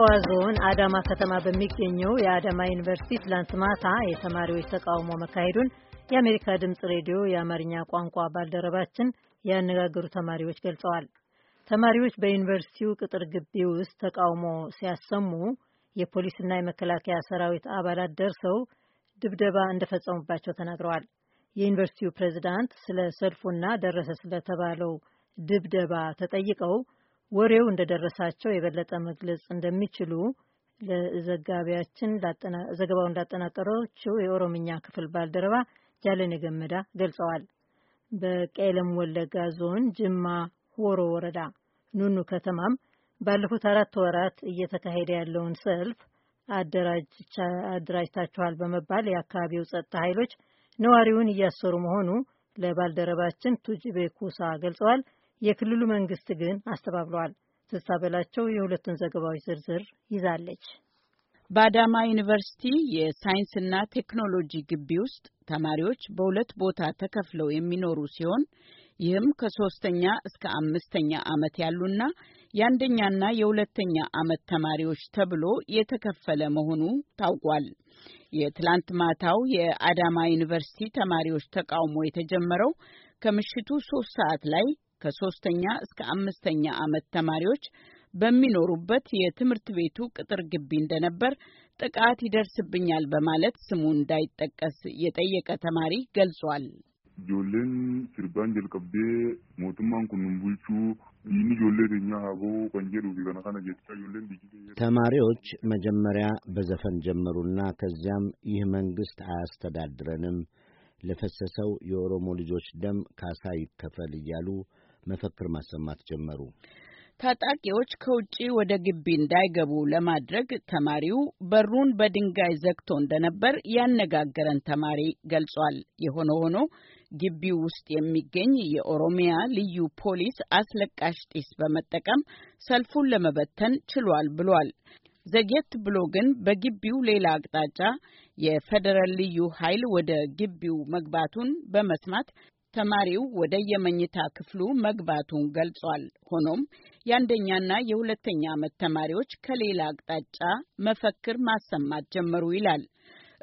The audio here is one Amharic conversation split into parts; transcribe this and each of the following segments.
በሸዋ ዞን አዳማ ከተማ በሚገኘው የአዳማ ዩኒቨርሲቲ ትላንት ማታ የተማሪዎች ተቃውሞ መካሄዱን የአሜሪካ ድምፅ ሬዲዮ የአማርኛ ቋንቋ ባልደረባችን ያነጋገሩ ተማሪዎች ገልጸዋል። ተማሪዎች በዩኒቨርሲቲው ቅጥር ግቢ ውስጥ ተቃውሞ ሲያሰሙ የፖሊስና የመከላከያ ሰራዊት አባላት ደርሰው ድብደባ እንደፈጸሙባቸው ተናግረዋል። የዩኒቨርሲቲው ፕሬዝዳንት ስለ ሰልፉና ደረሰ ስለተባለው ድብደባ ተጠይቀው ወሬው እንደደረሳቸው የበለጠ መግለጽ እንደሚችሉ ለዘጋቢያችን ዘገባው እንዳጠናቀረችው የኦሮምኛ ክፍል ባልደረባ ጃለኔ ገመዳ ገልጸዋል። በቄለም ወለጋ ዞን ጅማ ሆሮ ወረዳ ኑኑ ከተማም ባለፉት አራት ወራት እየተካሄደ ያለውን ሰልፍ አደራጅታችኋል በመባል የአካባቢው ጸጥታ ኃይሎች ነዋሪውን እያሰሩ መሆኑ ለባልደረባችን ቱጅቤ ኩሳ ገልጸዋል። የክልሉ መንግስት ግን አስተባብሏል። ትዝታ በላቸው የሁለቱን ዘገባዎች ዝርዝር ይዛለች። በአዳማ ዩኒቨርሲቲ የሳይንስና ቴክኖሎጂ ግቢ ውስጥ ተማሪዎች በሁለት ቦታ ተከፍለው የሚኖሩ ሲሆን ይህም ከሶስተኛ እስከ አምስተኛ ዓመት ያሉና የአንደኛና የሁለተኛ ዓመት ተማሪዎች ተብሎ የተከፈለ መሆኑ ታውቋል። የትላንት ማታው የአዳማ ዩኒቨርሲቲ ተማሪዎች ተቃውሞ የተጀመረው ከምሽቱ ሶስት ሰዓት ላይ ከሶስተኛ እስከ አምስተኛ ዓመት ተማሪዎች በሚኖሩበት የትምህርት ቤቱ ቅጥር ግቢ እንደነበር ጥቃት ይደርስብኛል በማለት ስሙ እንዳይጠቀስ የጠየቀ ተማሪ ገልጿል። ጆሌን ሲርባን ጀልቀቤ ሞትማን ኩኑም ቡልቹ ይህን ጆሌ ደኛ ሀቦ ቀንጀሩ ከነካነ ተማሪዎች መጀመሪያ በዘፈን ጀመሩና ከዚያም ይህ መንግስት አያስተዳድረንም ለፈሰሰው የኦሮሞ ልጆች ደም ካሳ ይከፈል እያሉ መፈክር ማሰማት ጀመሩ። ታጣቂዎች ከውጭ ወደ ግቢ እንዳይገቡ ለማድረግ ተማሪው በሩን በድንጋይ ዘግቶ እንደነበር ያነጋገረን ተማሪ ገልጿል። የሆነ ሆኖ ግቢው ውስጥ የሚገኝ የኦሮሚያ ልዩ ፖሊስ አስለቃሽ ጢስ በመጠቀም ሰልፉን ለመበተን ችሏል ብሏል። ዘግየት ብሎ ግን በግቢው ሌላ አቅጣጫ የፌዴራል ልዩ ኃይል ወደ ግቢው መግባቱን በመስማት ተማሪው ወደ የመኝታ ክፍሉ መግባቱን ገልጿል። ሆኖም የአንደኛና የሁለተኛ ዓመት ተማሪዎች ከሌላ አቅጣጫ መፈክር ማሰማት ጀመሩ ይላል።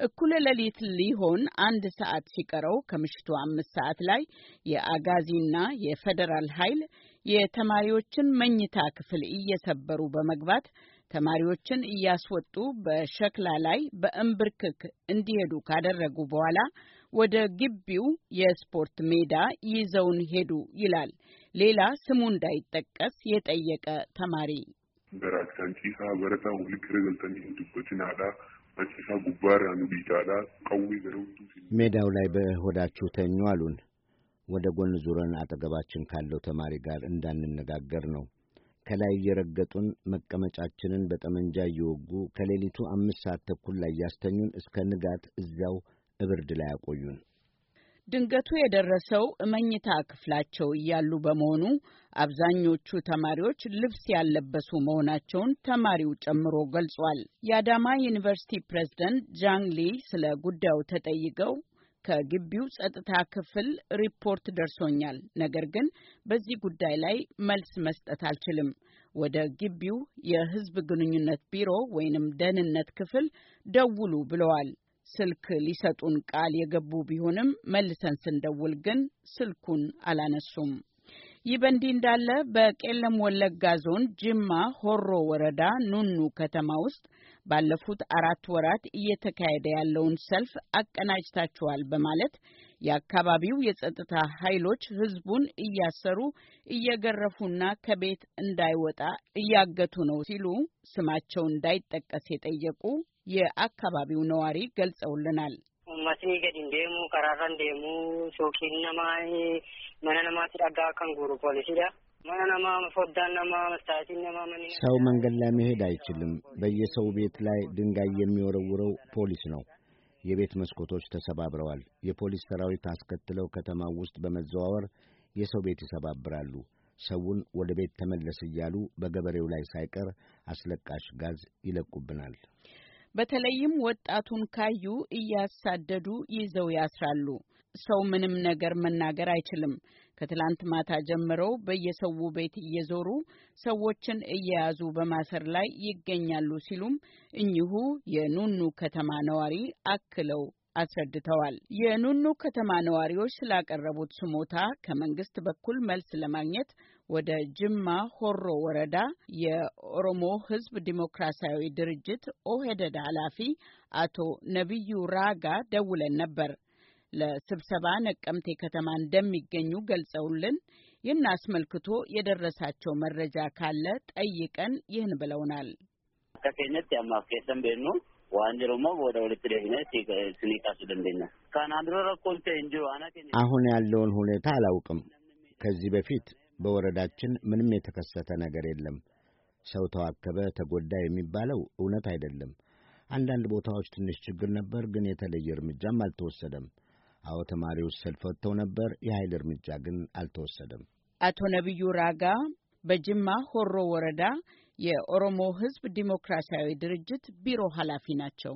እኩለ ሌሊት ሊሆን አንድ ሰዓት ሲቀረው ከምሽቱ አምስት ሰዓት ላይ የአጋዚና የፌዴራል ኃይል የተማሪዎችን መኝታ ክፍል እየሰበሩ በመግባት ተማሪዎችን እያስወጡ በሸክላ ላይ በእንብርክክ እንዲሄዱ ካደረጉ በኋላ ወደ ግቢው የስፖርት ሜዳ ይዘውን ሄዱ ይላል ሌላ ስሙ እንዳይጠቀስ የጠየቀ ተማሪ። ሜዳው ላይ በሆዳችሁ ተኙ አሉን። ወደ ጎን ዙረን አጠገባችን ካለው ተማሪ ጋር እንዳንነጋገር ነው ከላይ እየረገጡን መቀመጫችንን በጠመንጃ እየወጉ ከሌሊቱ አምስት ሰዓት ተኩል ላይ ያስተኙን እስከ ንጋት እዚያው እብርድ ላይ አቆዩን። ድንገቱ የደረሰው እመኝታ ክፍላቸው እያሉ በመሆኑ አብዛኞቹ ተማሪዎች ልብስ ያለበሱ መሆናቸውን ተማሪው ጨምሮ ገልጿል። የአዳማ ዩኒቨርሲቲ ፕሬዝደንት ሊ ስለ ጉዳዩ ተጠይቀው ከግቢው ጸጥታ ክፍል ሪፖርት ደርሶኛል። ነገር ግን በዚህ ጉዳይ ላይ መልስ መስጠት አልችልም። ወደ ግቢው የህዝብ ግንኙነት ቢሮ ወይንም ደህንነት ክፍል ደውሉ ብለዋል። ስልክ ሊሰጡን ቃል የገቡ ቢሆንም መልሰን ስንደውል ግን ስልኩን አላነሱም። ይህ በእንዲህ እንዳለ በቄለም ወለጋ ዞን ጅማ ሆሮ ወረዳ ኑኑ ከተማ ውስጥ ባለፉት አራት ወራት እየተካሄደ ያለውን ሰልፍ አቀናጅታችኋል በማለት የአካባቢው የጸጥታ ኃይሎች ህዝቡን እያሰሩ እየገረፉና ከቤት እንዳይወጣ እያገቱ ነው ሲሉ ስማቸው እንዳይጠቀስ የጠየቁ የአካባቢው ነዋሪ ገልጸውልናል። ኡመትኒ ገድ እንደሙ ከራራ እንደሙ ሶኪን ነማ መነነማ ሲዳጋ ከንጉሩ ፖሊሲዳ ሰው መንገድ ላይ መሄድ አይችልም። በየሰው ቤት ላይ ድንጋይ የሚወረውረው ፖሊስ ነው። የቤት መስኮቶች ተሰባብረዋል። የፖሊስ ሰራዊት አስከትለው ከተማው ውስጥ በመዘዋወር የሰው ቤት ይሰባብራሉ። ሰውን ወደ ቤት ተመለስ እያሉ በገበሬው ላይ ሳይቀር አስለቃሽ ጋዝ ይለቁብናል። በተለይም ወጣቱን ካዩ እያሳደዱ ይዘው ያስራሉ። ሰው ምንም ነገር መናገር አይችልም። ከትላንት ማታ ጀምረው በየሰው ቤት እየዞሩ ሰዎችን እየያዙ በማሰር ላይ ይገኛሉ ሲሉም እኚሁ የኑኑ ከተማ ነዋሪ አክለው አስረድተዋል። የኑኑ ከተማ ነዋሪዎች ስላቀረቡት ስሞታ ከመንግስት በኩል መልስ ለማግኘት ወደ ጅማ ሆሮ ወረዳ የኦሮሞ ሕዝብ ዲሞክራሲያዊ ድርጅት ኦሄደድ ኃላፊ አቶ ነቢዩ ራጋ ደውለን ነበር። ለስብሰባ ነቀምቴ ከተማ እንደሚገኙ ገልጸውልን ይህን አስመልክቶ የደረሳቸው መረጃ ካለ ጠይቀን ይህን ብለውናል። አሁን ያለውን ሁኔታ አላውቅም። ከዚህ በፊት በወረዳችን ምንም የተከሰተ ነገር የለም። ሰው ተዋከበ፣ ተጎዳ የሚባለው እውነት አይደለም። አንዳንድ ቦታዎች ትንሽ ችግር ነበር፣ ግን የተለየ እርምጃም አልተወሰደም። አዎ ተማሪዎች ሰልፍ ወጥተው ነበር። የኃይል እርምጃ ግን አልተወሰደም። አቶ ነቢዩ ራጋ በጅማ ሆሮ ወረዳ የኦሮሞ ሕዝብ ዲሞክራሲያዊ ድርጅት ቢሮ ኃላፊ ናቸው።